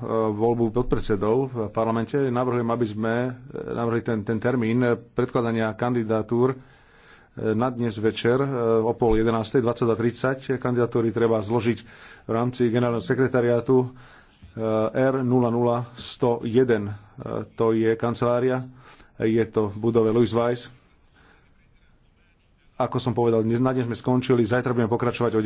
E, voľbu podpredsedov v parlamente. Navrhujem, aby sme e, navrhli ten, ten termín predkladania kandidatúr e, na dnes večer o pol 11. Kandidatúry treba zložiť v rámci generálneho sekretariátu R00101. To je kancelária, je to v budove Louis Weiss. Ako som povedal, na dnes sme skončili, zajtra budeme pokračovať o